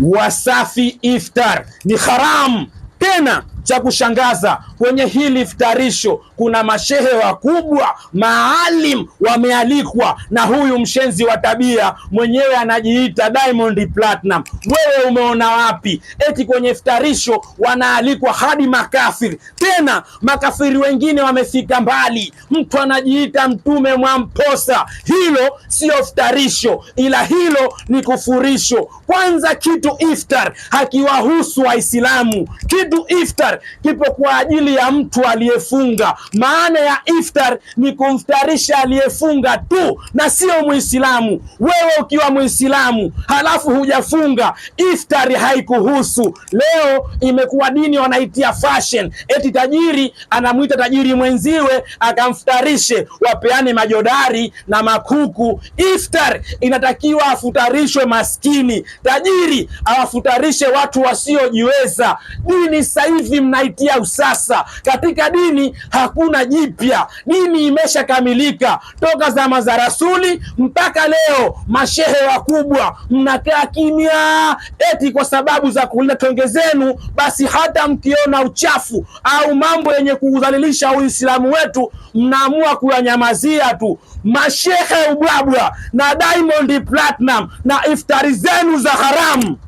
Wasafi Iftar ni haram tena cha kushangaza kwenye hili iftarisho, kuna mashehe wakubwa maalim wamealikwa na huyu mshenzi wa tabia mwenyewe anajiita Diamond Platinum. Wewe umeona wapi eti kwenye iftarisho wanaalikwa hadi makafiri? Tena makafiri wengine wamefika mbali, mtu anajiita mtume Mwamposa. Hilo sio iftarisho, ila hilo ni kufurisho. Kwanza kitu iftar hakiwahusu Waislamu, kitu iftar iftar kipo kwa ajili ya mtu aliyefunga. Maana ya iftar ni kumftarisha aliyefunga tu na sio Muislamu. Wewe ukiwa Muislamu halafu hujafunga, iftar haikuhusu. Leo imekuwa dini wanaitia fashion, eti tajiri anamwita tajiri mwenziwe akamfutarishe, wapeane majodari na makuku. Iftar inatakiwa afutarishwe maskini, tajiri awafutarishe watu wasiojiweza. Dini sasa hivi naitia usasa. Katika dini hakuna jipya, dini imeshakamilika toka zama za Rasuli mpaka leo. Mashehe wakubwa mnakaa kimya eti kwa sababu za kulinda tenge zenu, basi hata mkiona uchafu au mambo yenye kuudhalilisha Uislamu wetu mnaamua kuyanyamazia tu. Mashehe ubwabwa na Diamond Platinum na iftari zenu za haramu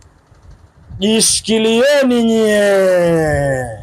Jishikilieni nyie.